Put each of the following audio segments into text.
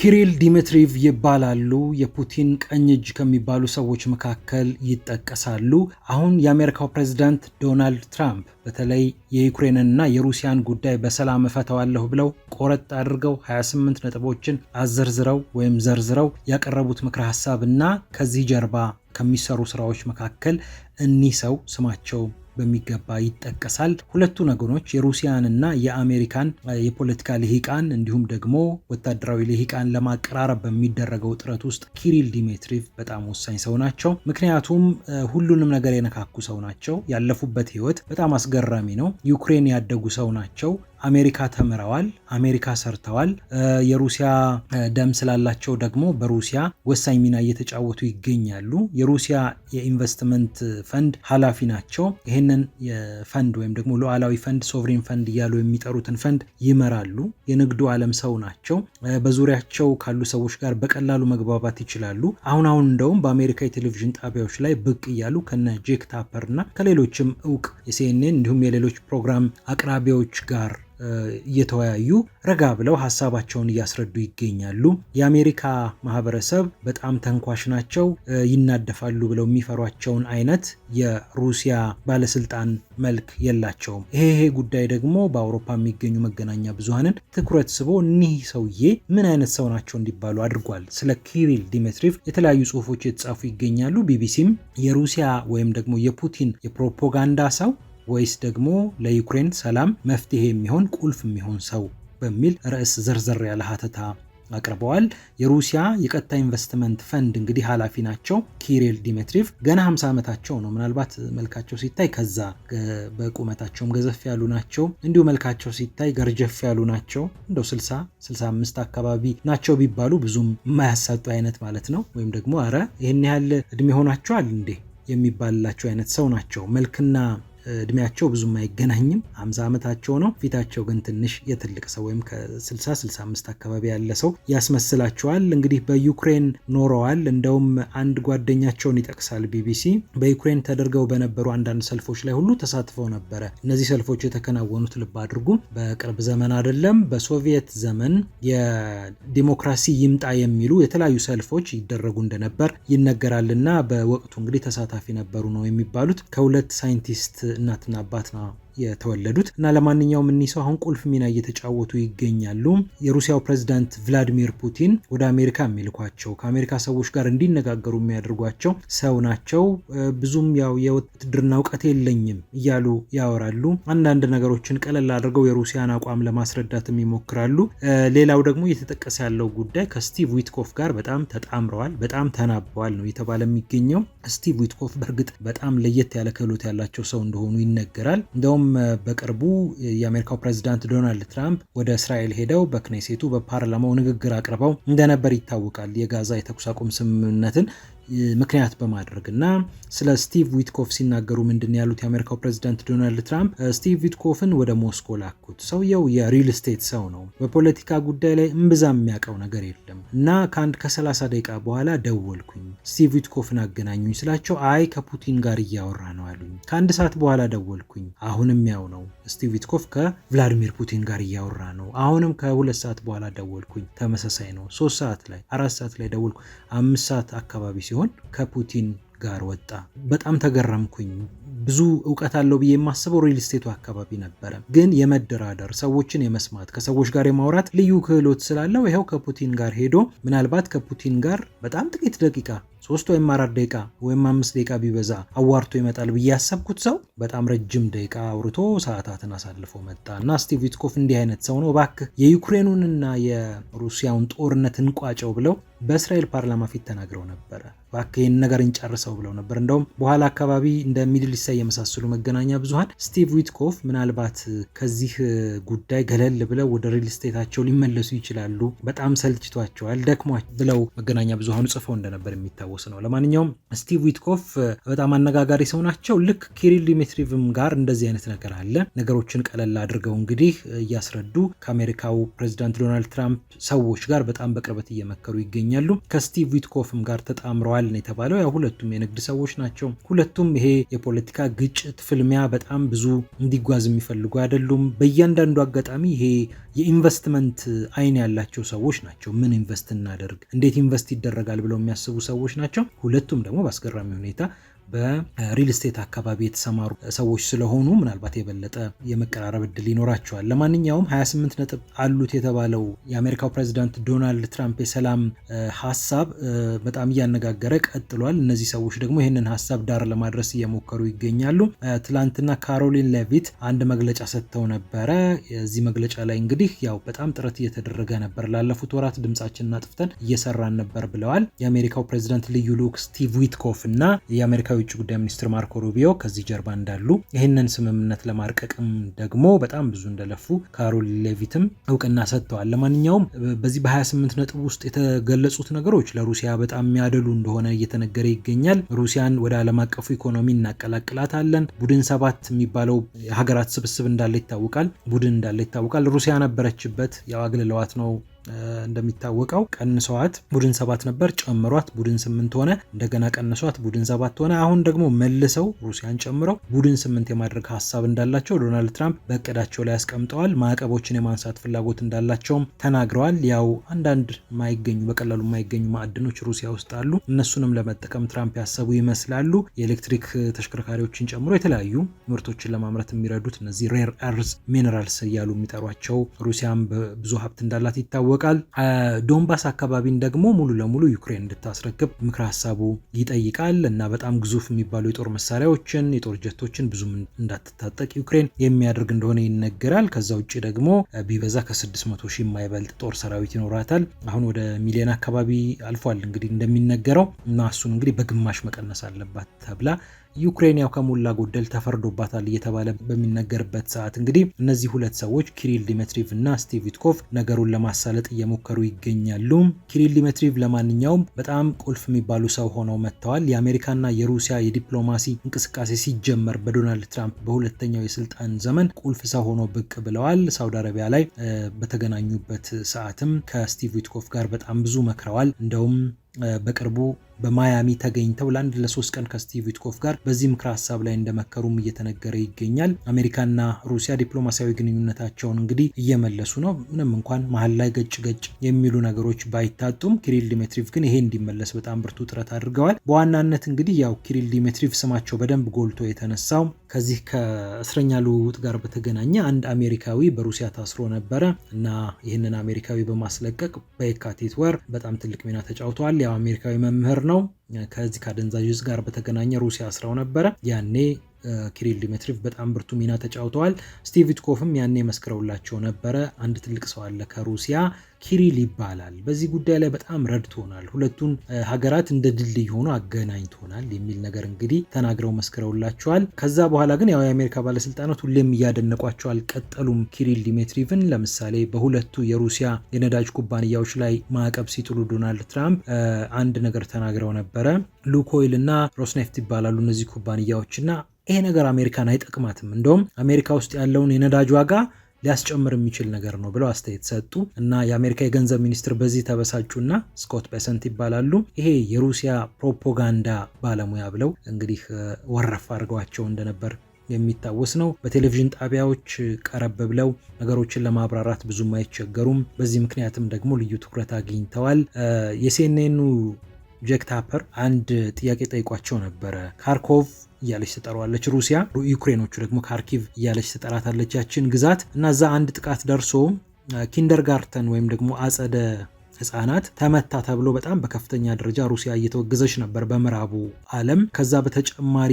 ኪሪል ዲሚትሪቭ ይባላሉ። የፑቲን ቀኝ እጅ ከሚባሉ ሰዎች መካከል ይጠቀሳሉ። አሁን የአሜሪካው ፕሬዝዳንት ዶናልድ ትራምፕ በተለይ የዩክሬንና የሩሲያን ጉዳይ በሰላም እፈተዋለሁ ብለው ቆረጥ አድርገው 28 ነጥቦችን አዘርዝረው ወይም ዘርዝረው ያቀረቡት ምክረ ሀሳብ እና ከዚህ ጀርባ ከሚሰሩ ስራዎች መካከል እኒህ ሰው ስማቸው በሚገባ ይጠቀሳል። ሁለቱ ነገሮች የሩሲያንና የአሜሪካን የፖለቲካ ልሂቃን እንዲሁም ደግሞ ወታደራዊ ልሂቃን ለማቀራረብ በሚደረገው ጥረት ውስጥ ኪሪል ዲሜትሪቭ በጣም ወሳኝ ሰው ናቸው። ምክንያቱም ሁሉንም ነገር የነካኩ ሰው ናቸው። ያለፉበት ህይወት በጣም አስገራሚ ነው። ዩክሬን ያደጉ ሰው ናቸው። አሜሪካ ተምረዋል፣ አሜሪካ ሰርተዋል። የሩሲያ ደም ስላላቸው ደግሞ በሩሲያ ወሳኝ ሚና እየተጫወቱ ይገኛሉ። የሩሲያ የኢንቨስትመንት ፈንድ ኃላፊ ናቸው። ይህንን የፈንድ ወይም ደግሞ ሉዓላዊ ፈንድ ሶቭሬን ፈንድ እያሉ የሚጠሩትን ፈንድ ይመራሉ። የንግዱ ዓለም ሰው ናቸው። በዙሪያቸው ካሉ ሰዎች ጋር በቀላሉ መግባባት ይችላሉ። አሁን አሁን እንደውም በአሜሪካ የቴሌቪዥን ጣቢያዎች ላይ ብቅ እያሉ ከነ ጄክ ታፐር እና ከሌሎችም እውቅ የሲኤንኤን እንዲሁም የሌሎች ፕሮግራም አቅራቢዎች ጋር እየተወያዩ ረጋ ብለው ሀሳባቸውን እያስረዱ ይገኛሉ። የአሜሪካ ማህበረሰብ በጣም ተንኳሽ ናቸው፣ ይናደፋሉ ብለው የሚፈሯቸውን አይነት የሩሲያ ባለስልጣን መልክ የላቸውም። ይሄ ይሄ ጉዳይ ደግሞ በአውሮፓ የሚገኙ መገናኛ ብዙሀንን ትኩረት ስቦ እኒህ ሰውዬ ምን አይነት ሰው ናቸው እንዲባሉ አድርጓል። ስለ ኪሪል ዲሜትሪቭ የተለያዩ ጽሁፎች የተጻፉ ይገኛሉ። ቢቢሲም የሩሲያ ወይም ደግሞ የፑቲን የፕሮፓጋንዳ ሰው ወይስ ደግሞ ለዩክሬን ሰላም መፍትሄ የሚሆን ቁልፍ የሚሆን ሰው በሚል ርዕስ ዘርዘር ያለ ሀተታ አቅርበዋል። የሩሲያ የቀጥታ ኢንቨስትመንት ፈንድ እንግዲህ ኃላፊ ናቸው ኪሪል ዲሜትሪቭ ገና 50 ዓመታቸው ነው። ምናልባት መልካቸው ሲታይ ከዛ በቁመታቸውም ገዘፍ ያሉ ናቸው። እንዲሁ መልካቸው ሲታይ ገርጀፍ ያሉ ናቸው። እንደው 60 65 አካባቢ ናቸው ቢባሉ ብዙም የማያሳጡ አይነት ማለት ነው። ወይም ደግሞ አረ ይህን ያህል እድሜ ሆናቸዋል እንዴ የሚባልላቸው አይነት ሰው ናቸው። መልክና እድሜያቸው ብዙም አይገናኝም፣ 50 ዓመታቸው ነው። ፊታቸው ግን ትንሽ የትልቅ ሰው ወይም ከ60 65 አካባቢ ያለ ሰው ያስመስላቸዋል። እንግዲህ በዩክሬን ኖረዋል። እንደውም አንድ ጓደኛቸውን ይጠቅሳል ቢቢሲ። በዩክሬን ተደርገው በነበሩ አንዳንድ ሰልፎች ላይ ሁሉ ተሳትፈው ነበረ። እነዚህ ሰልፎች የተከናወኑት ልብ አድርጉ፣ በቅርብ ዘመን አይደለም፣ በሶቪየት ዘመን የዲሞክራሲ ይምጣ የሚሉ የተለያዩ ሰልፎች ይደረጉ እንደነበር ይነገራልና በወቅቱ እንግዲህ ተሳታፊ ነበሩ ነው የሚባሉት ከሁለት ሳይንቲስት እናትና ነው የተወለዱት እና ለማንኛውም እኒህ ሰው አሁን ቁልፍ ሚና እየተጫወቱ ይገኛሉ። የሩሲያው ፕሬዚዳንት ቭላዲሚር ፑቲን ወደ አሜሪካ የሚልኳቸው ከአሜሪካ ሰዎች ጋር እንዲነጋገሩ የሚያደርጓቸው ሰው ናቸው። ብዙም ያው የውትድርና እውቀት የለኝም እያሉ ያወራሉ። አንዳንድ ነገሮችን ቀለል አድርገው የሩሲያን አቋም ለማስረዳትም ይሞክራሉ። ሌላው ደግሞ እየተጠቀሰ ያለው ጉዳይ ከስቲቭ ዊትኮፍ ጋር በጣም ተጣምረዋል፣ በጣም ተናበዋል ነው እየተባለ የሚገኘው። ስቲቭ ዊትኮፍ በእርግጥ በጣም ለየት ያለ ክህሎት ያላቸው ሰው እንደሆኑ ይነገራል። እንደውም እንዲሁም በቅርቡ የአሜሪካው ፕሬዚዳንት ዶናልድ ትራምፕ ወደ እስራኤል ሄደው በክኔሴቱ በፓርላማው ንግግር አቅርበው እንደነበር ይታወቃል። የጋዛ የተኩስ አቁም ስምምነትን ምክንያት በማድረግ እና ስለ ስቲቭ ዊትኮፍ ሲናገሩ ምንድን ያሉት የአሜሪካው ፕሬዚዳንት ዶናልድ ትራምፕ ስቲቭ ዊትኮፍን ወደ ሞስኮ ላኩት። ሰውየው የሪል ስቴት ሰው ነው። በፖለቲካ ጉዳይ ላይ እምብዛ የሚያውቀው ነገር የለም እና ከአንድ ከ30 ደቂቃ በኋላ ደወልኩኝ። ስቲቭ ዊትኮፍን አገናኙኝ ስላቸው አይ ከፑቲን ጋር እያወራ ነው አሉኝ። ከአንድ ሰዓት በኋላ ደወልኩኝ። አሁንም ያው ነው። ስቲቭ ዊትኮፍ ከቭላዲሚር ፑቲን ጋር እያወራ ነው። አሁንም ከሁለት ሰዓት በኋላ ደወልኩኝ። ተመሳሳይ ነው። ሶስት ሰዓት ላይ አራት ሰዓት ላይ ደወልኩ። አምስት ሰዓት አካባቢ ሲሆን ሲሆን ከፑቲን ጋር ወጣ። በጣም ተገረምኩኝ። ብዙ እውቀት አለው ብዬ የማስበው ሪል ስቴቱ አካባቢ ነበረ። ግን የመደራደር ሰዎችን የመስማት ከሰዎች ጋር የማውራት ልዩ ክህሎት ስላለው ይኸው ከፑቲን ጋር ሄዶ ምናልባት ከፑቲን ጋር በጣም ጥቂት ደቂቃ ሶስት ወይም አራት ደቂቃ ወይም አምስት ደቂቃ ቢበዛ አዋርቶ ይመጣል ብዬ ያሰብኩት ሰው በጣም ረጅም ደቂቃ አውርቶ ሰዓታትን አሳልፎ መጣ እና ስቲቭ ዊትኮፍ እንዲህ አይነት ሰው ነው፣ እባክህ የዩክሬኑንና የሩሲያውን ጦርነት እንቋጨው ብለው በእስራኤል ፓርላማ ፊት ተናግረው ነበረ። እባክህ ይህን ነገር እንጨርሰው ብለው ነበር። እንደውም በኋላ አካባቢ እንደ ሚድል ኢስት የመሳሰሉ መገናኛ ብዙሀን ስቲቭ ዊትኮፍ ምናልባት ከዚህ ጉዳይ ገለል ብለው ወደ ሪል ስቴታቸው ሊመለሱ ይችላሉ፣ በጣም ሰልችቷቸዋል፣ ደክሟ ብለው መገናኛ ብዙሀኑ ጽፈው እንደነበር የሚታወስ ነው። ለማንኛውም ስቲቭ ዊትኮፍ በጣም አነጋጋሪ ሰው ናቸው። ልክ ኪሪል ዲሚትሪቭም ጋር እንደዚህ አይነት ነገር አለ። ነገሮችን ቀለል አድርገው እንግዲህ እያስረዱ ከአሜሪካው ፕሬዚዳንት ዶናልድ ትራምፕ ሰዎች ጋር በጣም በቅርበት እየመከሩ ይገኛሉ። ከስቲቭ ዊትኮፍም ጋር ተጣምረዋል። ተሳትፈዋል ነው የተባለው። ያው ሁለቱም የንግድ ሰዎች ናቸው። ሁለቱም ይሄ የፖለቲካ ግጭት፣ ፍልሚያ በጣም ብዙ እንዲጓዝ የሚፈልጉ አይደሉም። በእያንዳንዱ አጋጣሚ ይሄ የኢንቨስትመንት አይን ያላቸው ሰዎች ናቸው። ምን ኢንቨስት እናደርግ፣ እንዴት ኢንቨስት ይደረጋል ብለው የሚያስቡ ሰዎች ናቸው። ሁለቱም ደግሞ በአስገራሚ ሁኔታ በሪል ስቴት አካባቢ የተሰማሩ ሰዎች ስለሆኑ ምናልባት የበለጠ የመቀራረብ እድል ይኖራቸዋል። ለማንኛውም 28 ነጥብ አሉት የተባለው የአሜሪካው ፕሬዚዳንት ዶናልድ ትራምፕ የሰላም ሀሳብ በጣም እያነጋገረ ቀጥሏል። እነዚህ ሰዎች ደግሞ ይህንን ሀሳብ ዳር ለማድረስ እየሞከሩ ይገኛሉ። ትላንትና ካሮሊን ሌቪት አንድ መግለጫ ሰጥተው ነበረ። እዚህ መግለጫ ላይ እንግዲህ ያው በጣም ጥረት እየተደረገ ነበር፣ ላለፉት ወራት ድምጻችንን አጥፍተን እየሰራን ነበር ብለዋል። የአሜሪካው ፕሬዚዳንት ልዩ ልዑክ ስቲቭ ዊትኮፍ እና የአሜሪካ የውጭ ጉዳይ ሚኒስትር ማርኮ ሩቢዮ ከዚህ ጀርባ እንዳሉ ይህንን ስምምነት ለማርቀቅም ደግሞ በጣም ብዙ እንደለፉ ካሮል ሌቪትም እውቅና ሰጥተዋል። ለማንኛውም በዚህ በ28 ነጥብ ውስጥ የተገለጹት ነገሮች ለሩሲያ በጣም የሚያደሉ እንደሆነ እየተነገረ ይገኛል። ሩሲያን ወደ ዓለም አቀፉ ኢኮኖሚ እናቀላቅላታለን። ቡድን ሰባት የሚባለው የሀገራት ስብስብ እንዳለ ይታወቃል፣ ቡድን እንዳለ ይታወቃል። ሩሲያ ነበረችበት፣ ያው አግልለዋት ነው እንደሚታወቀው ቀንሰዋት ቡድን ሰባት ነበር፣ ጨምሯት ቡድን ስምንት ሆነ። እንደገና ቀንሷት ቡድን ሰባት ሆነ። አሁን ደግሞ መልሰው ሩሲያን ጨምረው ቡድን ስምንት የማድረግ ሀሳብ እንዳላቸው ዶናልድ ትራምፕ በእቅዳቸው ላይ አስቀምጠዋል። ማዕቀቦችን የማንሳት ፍላጎት እንዳላቸውም ተናግረዋል። ያው አንዳንድ ማይገኙ በቀላሉ የማይገኙ ማዕድኖች ሩሲያ ውስጥ አሉ። እነሱንም ለመጠቀም ትራምፕ ያሰቡ ይመስላሉ። የኤሌክትሪክ ተሽከርካሪዎችን ጨምሮ የተለያዩ ምርቶችን ለማምረት የሚረዱት እነዚህ ሬር አርዝ ሚነራልስ እያሉ የሚጠሯቸው ሩሲያን ብዙ ሀብት እንዳላት ይታወቃል። ይታወቃል። ዶንባስ አካባቢን ደግሞ ሙሉ ለሙሉ ዩክሬን እንድታስረክብ ምክረ ሀሳቡ ይጠይቃል እና በጣም ግዙፍ የሚባሉ የጦር መሳሪያዎችን የጦር ጀቶችን ብዙም እንዳትታጠቅ ዩክሬን የሚያደርግ እንደሆነ ይነገራል። ከዛ ውጭ ደግሞ ቢበዛ ከ600 ሺህ የማይበልጥ ጦር ሰራዊት ይኖራታል። አሁን ወደ ሚሊዮን አካባቢ አልፏል እንግዲህ እንደሚነገረው እና እሱን እንግዲህ በግማሽ መቀነስ አለባት ተብላ ዩክሬን ያው ከሞላ ጎደል ተፈርዶባታል እየተባለ በሚነገርበት ሰዓት እንግዲህ እነዚህ ሁለት ሰዎች ኪሪል ዲሜትሪቭ እና ስቲቭ ዊትኮቭ ነገሩን ለማሳለጥ እየሞከሩ ይገኛሉ። ኪሪል ዲሜትሪቭ ለማንኛውም በጣም ቁልፍ የሚባሉ ሰው ሆነው መጥተዋል። የአሜሪካና የሩሲያ የዲፕሎማሲ እንቅስቃሴ ሲጀመር በዶናልድ ትራምፕ በሁለተኛው የስልጣን ዘመን ቁልፍ ሰው ሆነው ብቅ ብለዋል። ሳውዲ አረቢያ ላይ በተገናኙበት ሰዓትም ከስቲቭ ዊትኮቭ ጋር በጣም ብዙ መክረዋል። እንደውም በቅርቡ በማያሚ ተገኝተው ለአንድ ለሶስት ቀን ከስቲቭ ዊትኮፍ ጋር በዚህ ምክረ ሀሳብ ላይ እንደመከሩም እየተነገረ ይገኛል። አሜሪካና ሩሲያ ዲፕሎማሲያዊ ግንኙነታቸውን እንግዲህ እየመለሱ ነው። ምንም እንኳን መሀል ላይ ገጭ ገጭ የሚሉ ነገሮች ባይታጡም ኪሪል ዲሜትሪቭ ግን ይሄ እንዲመለስ በጣም ብርቱ ጥረት አድርገዋል። በዋናነት እንግዲህ ያው ኪሪል ዲሜትሪቭ ስማቸው በደንብ ጎልቶ የተነሳው ከዚህ ከእስረኛ ልውውጥ ጋር በተገናኘ አንድ አሜሪካዊ በሩሲያ ታስሮ ነበረ እና ይህንን አሜሪካዊ በማስለቀቅ በየካቲት ወር በጣም ትልቅ ሚና ተጫውተዋል። ያው አሜሪካዊ መምህር ነው። ከዚህ ከአደንዛዥ ዕፅ ጋር በተገናኘ ሩሲያ አስረው ነበረ። ያኔ ኪሪል ዲሜትሪቭ በጣም ብርቱ ሚና ተጫውተዋል። ስቲቭ ዊትኮፍም ያኔ መስክረውላቸው ነበረ። አንድ ትልቅ ሰው አለ ከሩሲያ ኪሪል ይባላል። በዚህ ጉዳይ ላይ በጣም ረድቶናል፣ ሁለቱን ሀገራት እንደ ድልድይ ሆኖ አገናኝቶናል የሚል ነገር እንግዲህ ተናግረው መስክረውላቸዋል። ከዛ በኋላ ግን ያው የአሜሪካ ባለስልጣናት ሁሌም እያደነቋቸው አልቀጠሉም ኪሪል ዲሜትሪቭን። ለምሳሌ በሁለቱ የሩሲያ የነዳጅ ኩባንያዎች ላይ ማዕቀብ ሲጥሉ ዶናልድ ትራምፕ አንድ ነገር ተናግረው ነበረ። ሉኮይል እና ሮስኔፍት ይባላሉ እነዚህ ኩባንያዎችና ይሄ ነገር አሜሪካን አይጠቅማትም፣ እንደውም አሜሪካ ውስጥ ያለውን የነዳጅ ዋጋ ሊያስጨምር የሚችል ነገር ነው ብለው አስተያየት ሰጡ እና የአሜሪካ የገንዘብ ሚኒስትር በዚህ ተበሳጩና ስኮት በሰንት ይባላሉ ይሄ የሩሲያ ፕሮፓጋንዳ ባለሙያ ብለው እንግዲህ ወረፍ አድርገዋቸው እንደነበር የሚታወስ ነው። በቴሌቪዥን ጣቢያዎች ቀረብ ብለው ነገሮችን ለማብራራት ብዙም አይቸገሩም። በዚህ ምክንያትም ደግሞ ልዩ ትኩረት አግኝተዋል። የሲኤንኤኑ ጄክ ታፐር አንድ ጥያቄ ጠይቋቸው ነበረ። ካርኮቭ እያለች ትጠራዋለች ሩሲያ፣ ዩክሬኖቹ ደግሞ ካርኪቭ እያለች ትጠራታለች ያችን ግዛት እና እዛ አንድ ጥቃት ደርሶ ኪንደርጋርተን ወይም ደግሞ አጸደ ህጻናት ተመታ ተብሎ በጣም በከፍተኛ ደረጃ ሩሲያ እየተወገዘች ነበር በምዕራቡ ዓለም። ከዛ በተጨማሪ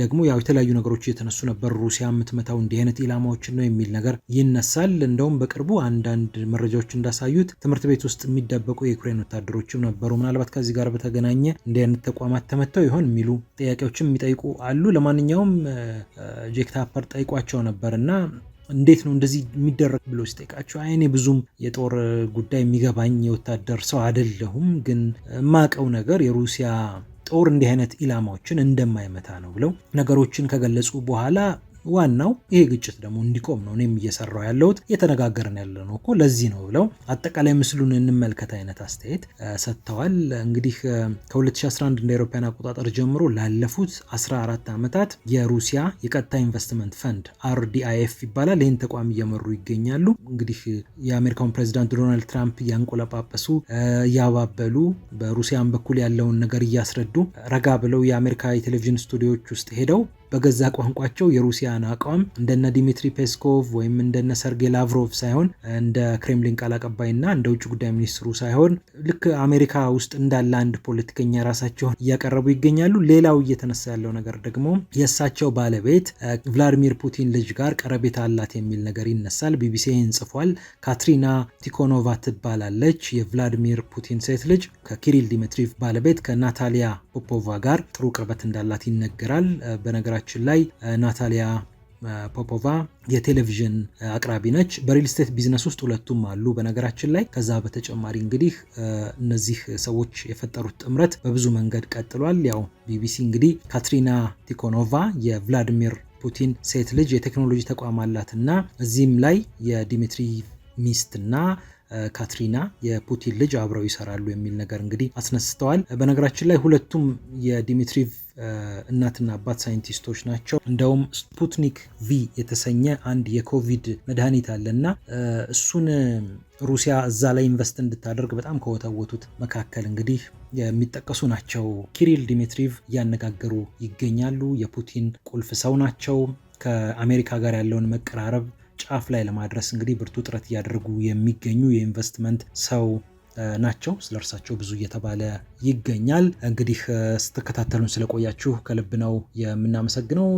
ደግሞ ያው የተለያዩ ነገሮች እየተነሱ ነበር። ሩሲያ የምትመታው እንዲህ አይነት ኢላማዎችን ነው የሚል ነገር ይነሳል። እንደውም በቅርቡ አንዳንድ መረጃዎች እንዳሳዩት ትምህርት ቤት ውስጥ የሚደበቁ የዩክሬን ወታደሮችም ነበሩ። ምናልባት ከዚህ ጋር በተገናኘ እንዲህ አይነት ተቋማት ተመተው ይሆን የሚሉ ጥያቄዎችም የሚጠይቁ አሉ። ለማንኛውም ጄክ ታፐር ጠይቋቸው ነበር እና እንዴት ነው እንደዚህ የሚደረግ ብሎ ሲጠይቃቸው አይኔ ብዙም የጦር ጉዳይ የሚገባኝ የወታደር ሰው አይደለሁም፣ ግን የማውቀው ነገር የሩሲያ ጦር እንዲህ አይነት ኢላማዎችን እንደማይመታ ነው ብለው ነገሮችን ከገለጹ በኋላ ዋናው ይሄ ግጭት ደግሞ እንዲቆም ነው እኔም እየሰራው ያለሁት እየተነጋገርን ያለ ነው እኮ ለዚህ ነው ብለው አጠቃላይ ምስሉን እንመልከት አይነት አስተያየት ሰጥተዋል። እንግዲህ ከ2011 እንደ አውሮፓውያን አቆጣጠር ጀምሮ ላለፉት 14 ዓመታት የሩሲያ የቀጥታ ኢንቨስትመንት ፈንድ አርዲአይኤፍ ይባላል። ይህን ተቋም እየመሩ ይገኛሉ። እንግዲህ የአሜሪካውን ፕሬዚዳንት ዶናልድ ትራምፕ እያንቆለጳጰሱ እያባበሉ፣ በሩሲያን በኩል ያለውን ነገር እያስረዱ ረጋ ብለው የአሜሪካ የቴሌቪዥን ስቱዲዮዎች ውስጥ ሄደው በገዛ ቋንቋቸው የሩሲያን አቋም እንደነ ዲሚትሪ ፔስኮቭ ወይም እንደነ ሰርጌ ላቭሮቭ ሳይሆን እንደ ክሬምሊን ቃል አቀባይና እንደ ውጭ ጉዳይ ሚኒስትሩ ሳይሆን ልክ አሜሪካ ውስጥ እንዳለ አንድ ፖለቲከኛ ራሳቸውን እያቀረቡ ይገኛሉ። ሌላው እየተነሳ ያለው ነገር ደግሞ የእሳቸው ባለቤት ቭላዲሚር ፑቲን ልጅ ጋር ቀረቤታ አላት የሚል ነገር ይነሳል። ቢቢሲ ይህን ጽፏል። ካትሪና ቲኮኖቫ ትባላለች። የቭላዲሚር ፑቲን ሴት ልጅ ከኪሪል ዲሚትሪቭ ባለቤት ከናታሊያ ፖፖቫ ጋር ጥሩ ቅርበት እንዳላት ይነገራል። በነገራ በነገራችን ላይ ናታሊያ ፖፖቫ የቴሌቪዥን አቅራቢ ነች። በሪል ስቴት ቢዝነስ ውስጥ ሁለቱም አሉ በነገራችን ላይ። ከዛ በተጨማሪ እንግዲህ እነዚህ ሰዎች የፈጠሩት ጥምረት በብዙ መንገድ ቀጥሏል። ያው ቢቢሲ እንግዲህ ካትሪና ቲኮኖቫ የቭላዲሚር ፑቲን ሴት ልጅ የቴክኖሎጂ ተቋም እና እዚህም ላይ የዲሚትሪ ሚስትና ካትሪና የፑቲን ልጅ አብረው ይሰራሉ የሚል ነገር እንግዲህ አስነስተዋል። በነገራችን ላይ ሁለቱም የዲሚትሪቭ እናትና አባት ሳይንቲስቶች ናቸው። እንደውም ስፑትኒክ ቪ የተሰኘ አንድ የኮቪድ መድኃኒት አለ እና እሱን ሩሲያ እዛ ላይ ኢንቨስት እንድታደርግ በጣም ከወተወቱት መካከል እንግዲህ የሚጠቀሱ ናቸው። ኪሪል ዲሚትሪቭ እያነጋገሩ ይገኛሉ። የፑቲን ቁልፍ ሰው ናቸው። ከአሜሪካ ጋር ያለውን መቀራረብ ጫፍ ላይ ለማድረስ እንግዲህ ብርቱ ጥረት እያደረጉ የሚገኙ የኢንቨስትመንት ሰው ናቸው። ስለ እርሳቸው ብዙ እየተባለ ይገኛል። እንግዲህ ስትከታተሉን ስለቆያችሁ ከልብ ነው የምናመሰግነው።